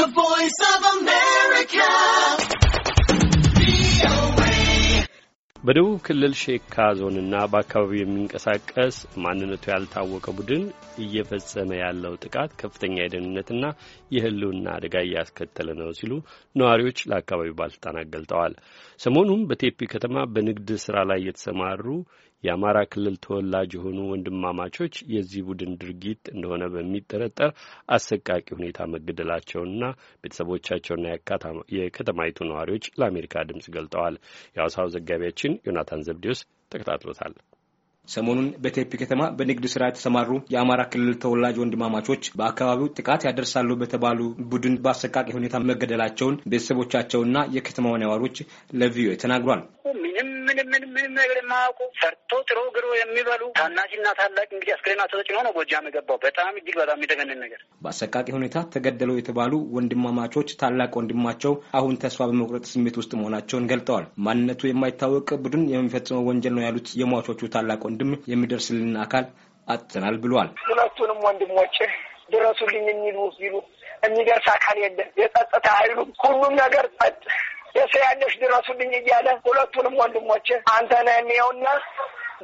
The Voice of America. በደቡብ ክልል ሼካ ዞንና በአካባቢው የሚንቀሳቀስ ማንነቱ ያልታወቀ ቡድን እየፈጸመ ያለው ጥቃት ከፍተኛ የደህንነትና የሕልውና አደጋ እያስከተለ ነው ሲሉ ነዋሪዎች ለአካባቢው ባለስልጣናት ገልጠዋል። ሰሞኑም በቴፒ ከተማ በንግድ ስራ ላይ የተሰማሩ የአማራ ክልል ተወላጅ የሆኑ ወንድማማቾች የዚህ ቡድን ድርጊት እንደሆነ በሚጠረጠር አሰቃቂ ሁኔታ መገደላቸውንና ቤተሰቦቻቸውና የከተማይቱ ነዋሪዎች ለአሜሪካ ድምጽ ገልጠዋል። የአዋሳው ዘጋቢያችን ዮናታን ዘብዴዎስ ተከታትሎታል። ሰሞኑን በቴፒ ከተማ በንግድ ስራ የተሰማሩ የአማራ ክልል ተወላጅ ወንድማማቾች በአካባቢው ጥቃት ያደርሳሉ በተባሉ ቡድን በአሰቃቂ ሁኔታ መገደላቸውን ቤተሰቦቻቸውና የከተማው ነዋሪዎች ለቪኦኤ ተናግሯል። ምንም ምንም ምንም ምንም ነገር የማያውቁ ሰርቶ ጥሮ ግሮ የሚበሉ ታናሽና ታላቅ እንግዲህ አስክሬና ተተጭኖ ነው ጎጃም የገባው። በጣም እጅግ በጣም የሚዘገንን ነገር። በአሰቃቂ ሁኔታ ተገደለው የተባሉ ወንድማማቾች ታላቅ ወንድማቸው አሁን ተስፋ በመቁረጥ ስሜት ውስጥ መሆናቸውን ገልጠዋል። ማንነቱ የማይታወቅ ቡድን የሚፈጽመው ወንጀል ነው ያሉት የሟቾቹ ታላቅ ወንድም የሚደርስልን አካል አጥተናል ብሏል። ሁለቱንም ወንድሞቼ ድረሱልኝ የሚሉ የሚሉ የሚደርስ አካል የለም። የጸጥታ ኃይሉም ሁሉም ነገር ጸጥ ቄስ ያለሽ ድረሱልኝ እያለ ሁለቱንም ወንድሞች አንተ ነህ የሚየውና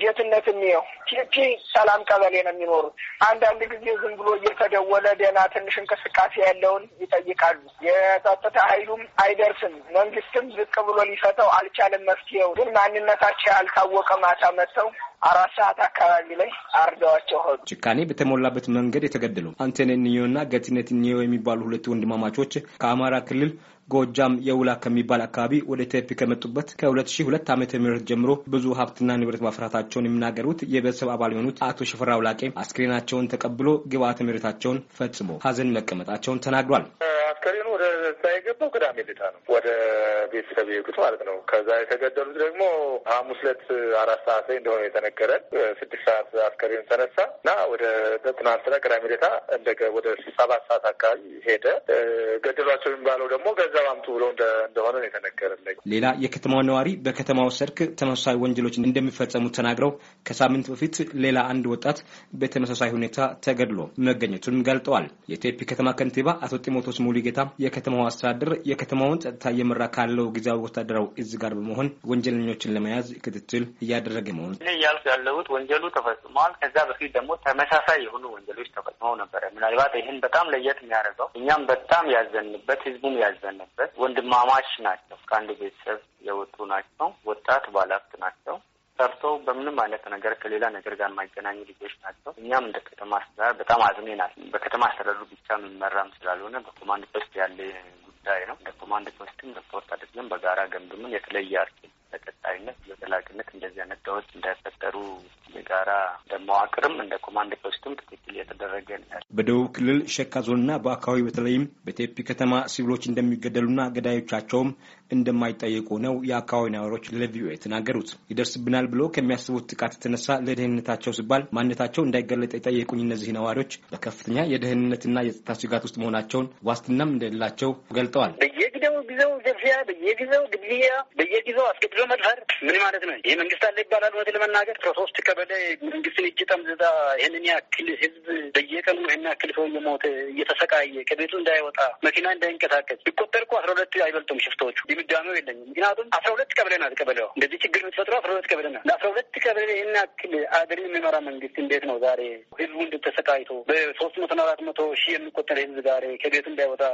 ጌትነት የሚየው ቲፒ ሰላም ቀበሌ ነው የሚኖሩት። አንዳንድ ጊዜ ዝም ብሎ እየተደወለ ደህና ትንሽ እንቅስቃሴ ያለውን ይጠይቃሉ። የጸጥታ ኃይሉም አይደርስም፣ መንግስትም ዝቅ ብሎ ሊፈተው አልቻለም። መፍትሄው ግን ማንነታቸው ያልታወቀ ማታ መጥተው አራት ሰዓት አካባቢ ላይ አርደዋቸው ሆዱ ጭካኔ በተሞላበት መንገድ የተገደሉ አንተነኒዮ እና ገትነት ኒዮ የሚባሉ ሁለት ወንድማማቾች ከአማራ ክልል ጎጃም የውላ ከሚባል አካባቢ ወደ ቴፒ ከመጡበት ከ2002 ዓ ም ጀምሮ ብዙ ሀብትና ንብረት ማፍራታቸውን የሚናገሩት የቤተሰብ አባል የሆኑት አቶ ሽፈራው ላቄ አስክሬናቸውን ተቀብሎ ግብአተ መሬታቸውን ፈጽሞ ሀዘን መቀመጣቸውን ተናግሯል። አስከሬኑ ወደ እዛ የገባው ቅዳሜ ልታ ነው ወደ ቤተሰብ የሄዱት ማለት ነው። ከዛ የተገደሉት ደግሞ ሐሙስ ዕለት አራት ሰዓት ላይ እንደሆነ የተነገረን ስድስት ሰዓት አስከሬኑ ተነሳ እና ወደ ትናንትና ቅዳሜ ልታ እንደ ወደ ሰባት ሰዓት አካባቢ ሄደ። ገደሏቸው የሚባለው ደግሞ ገንዘብ አምጡ ብሎ እንደሆነ ነው የተነገረን። ሌላ የከተማው ነዋሪ በከተማው ሰርክ ተመሳሳይ ወንጀሎች እንደሚፈጸሙ ተናግረው ከሳምንት በፊት ሌላ አንድ ወጣት በተመሳሳይ ሁኔታ ተገድሎ መገኘቱን ገልጠዋል። የቴፒ ከተማ ከንቲባ አቶ ጢሞቶስ ሙሉጌታ ሁኔታ የከተማው አስተዳደር የከተማውን ጸጥታ እየመራ ካለው ጊዜያዊ ወታደራዊ እዝ ጋር በመሆን ወንጀለኞችን ለመያዝ ክትትል እያደረገ መሆኑ እያልኩ ያለሁት ወንጀሉ ተፈጽሟል ከዛ በፊት ደግሞ ተመሳሳይ የሆኑ ወንጀሎች ተፈጽመው ነበረ። ምናልባት ይህን በጣም ለየት የሚያደርገው እኛም በጣም ያዘንበት፣ ህዝቡም ያዘንበት ወንድማማች ናቸው። ከአንድ ቤተሰብ የወጡ ናቸው። ወጣት ባላፍት ናቸው። ሰርተው በምንም አይነት ነገር ከሌላ ነገር ጋር የማይገናኙ ልጆች ናቸው። እኛም እንደ ከተማ አስተዳደር በጣም አዝሜናል። በከተማ አስተዳደሩ ብቻ የሚመራም ስላልሆነ በኮማንድ ፖስት ያለ ጉዳይ ነው። እንደ ኮማንድ ፖስትም ሪፖርት አድርገን በጋራ ገምግምን የተለየ አርኪ በቀጣይነት በዘላቂነት እንደዚህ አይነት ዳዎች እንዳይፈጠሩ የጋራ መዋቅርም እንደ ኮማንድ ፖስትም ትክክል እየተደረገ ነው። በደቡብ ክልል ሸካ ዞንና በአካባቢ በተለይም በቴፒ ከተማ ሲቪሎች እንደሚገደሉና ገዳዮቻቸውም እንደማይጠየቁ ነው የአካባቢ ነዋሪዎች ለቪኦኤ የተናገሩት። ይደርስብናል ብሎ ከሚያስቡት ጥቃት የተነሳ ለደህንነታቸው ሲባል ማንነታቸው እንዳይገለጥ የጠየቁኝ እነዚህ ነዋሪዎች በከፍተኛ የደህንነትና የጸጥታ ስጋት ውስጥ መሆናቸውን ዋስትናም እንደሌላቸው ገልጠዋል። በየጊዜው ጊዜው ዘርፊያ፣ በየጊዜው ግድያ፣ በየጊዜው አስገድዶ መድፈር ምን ማለት ነው? ይህ መንግስት አለ ይባላል። እውነት ለመናገር ከሶስት ቀበሌ ወረደ መንግስት እጅ ጠምዝዛ ይህንን ያክል ህዝብ በየቀኑ ይህን ያክል ሰው እየሞተ እየተሰቃየ ከቤቱ እንዳይወጣ መኪና እንዳይንቀሳቀስ ቢቆጠር እኮ አስራ ሁለት አይበልጡም ሽፍቶቹ። ድምዳሜው የለኝም። ምክንያቱም አስራ ሁለት ቀበሌ ናት ቀበሌዋ እንደዚህ ችግር የምትፈጥረው አስራ ሁለት ቀበሌ ናት። ለአስራ ሁለት ቀበሌ ይህን ያክል አገር የሚመራ መንግስት እንዴት ነው ዛሬ ህዝቡ እንድተሰቃይቶ በሶስት መቶ አራት መቶ ሺህ የሚቆጠር ህዝብ ዛሬ ከቤቱ እንዳይወጣ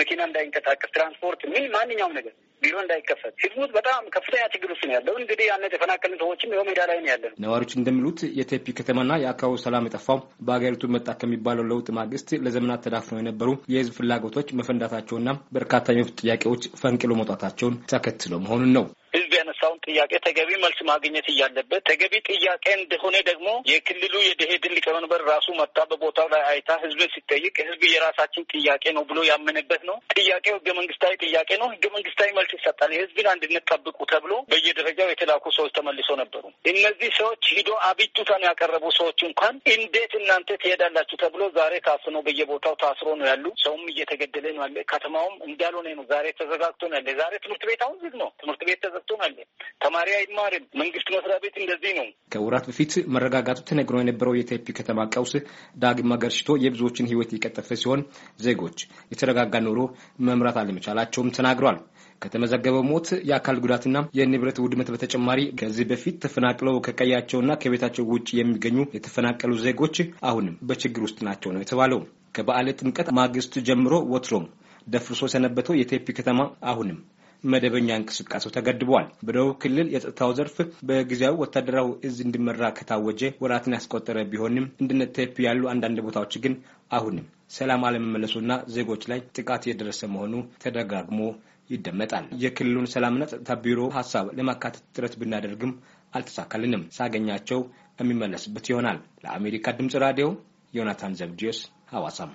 መኪና እንዳይንቀሳቀስ ትራንስፖርት ምን ማንኛውም ነገር ቢሮ እንዳይከፈት ሲዝሙት በጣም ከፍተኛ ችግር ውስጥ ነው ያለው። እንግዲህ ያነ የተፈናቀልን ሰዎችም ይኸው ሜዳ ላይ ነው ያለን። ነዋሪዎች እንደሚሉት የቴፒ ከተማና የአካባቢው ሰላም የጠፋው በሀገሪቱ መጣ ከሚባለው ለውጥ ማግስት ለዘመናት ተዳፍነው የነበሩ የህዝብ ፍላጎቶች መፈንዳታቸውና በርካታ የመብት ጥያቄዎች ፈንቅሎ መውጣታቸውን ተከትሎ መሆኑን ነው። ጥያቄ ተገቢ መልስ ማግኘት እያለበት ተገቢ ጥያቄ እንደሆነ ደግሞ የክልሉ የደኢህዴን ሊቀመንበር ራሱ መጣ በቦታው ላይ አይታ ህዝብን ሲጠይቅ ህዝብ የራሳችን ጥያቄ ነው ብሎ ያመነበት ነው። ጥያቄው ህገ መንግስታዊ ጥያቄ ነው። ህገ መንግስታዊ መልስ ይሰጣል። የህዝብን አንድነት ጠብቁ ተብሎ በየደረጃው የተላኩ ሰዎች ተመልሶ ነበሩ። እነዚህ ሰዎች ሂዶ አቤቱታን ያቀረቡ ሰዎች እንኳን እንዴት እናንተ ትሄዳላችሁ ተብሎ ዛሬ ታስኖ በየቦታው ታስሮ ነው ያሉ። ሰውም እየተገደለ ነው ያለ። ከተማውም እንዳልሆነ ነው። ዛሬ ተዘጋግቶ ነው ያለ። ዛሬ ትምህርት ቤት አሁን ዝግ ነው። ትምህርት ቤት ተዘግቶ ነው ያለ። ተማሪ አይማርም። መንግስት መስሪያ ቤት እንደዚህ ነው። ከወራት በፊት መረጋጋቱ ተነግሮ የነበረው የቴፒ ከተማ ቀውስ ዳግም አገርሽቶ የብዙዎችን ህይወት የቀጠፈ ሲሆን ዜጎች የተረጋጋ ኑሮ መምራት አለመቻላቸውም ተናግሯል። ከተመዘገበው ሞት የአካል ጉዳትና የንብረት ውድመት በተጨማሪ ከዚህ በፊት ተፈናቅለው ከቀያቸውና ከቤታቸው ውጭ የሚገኙ የተፈናቀሉ ዜጎች አሁንም በችግር ውስጥ ናቸው ነው የተባለው። ከበዓለ ጥምቀት ማግስት ጀምሮ ወትሮም ደፍርሶ ሰነበተው የቴፒ ከተማ አሁንም መደበኛ እንቅስቃሴው ተገድበዋል። በደቡብ ክልል የጸጥታው ዘርፍ በጊዜያዊ ወታደራዊ እዝ እንዲመራ ከታወጀ ወራትን ያስቆጠረ ቢሆንም እንደነቴፕ ያሉ አንዳንድ ቦታዎች ግን አሁንም ሰላም አለመመለሱና ዜጎች ላይ ጥቃት የደረሰ መሆኑ ተደጋግሞ ይደመጣል። የክልሉን ሰላምና ጸጥታ ቢሮ ሀሳብ ለማካተት ጥረት ብናደርግም አልተሳካልንም። ሳገኛቸው የሚመለስበት ይሆናል። ለአሜሪካ ድምፅ ራዲዮ ዮናታን ዘብዲዮስ ሐዋሳም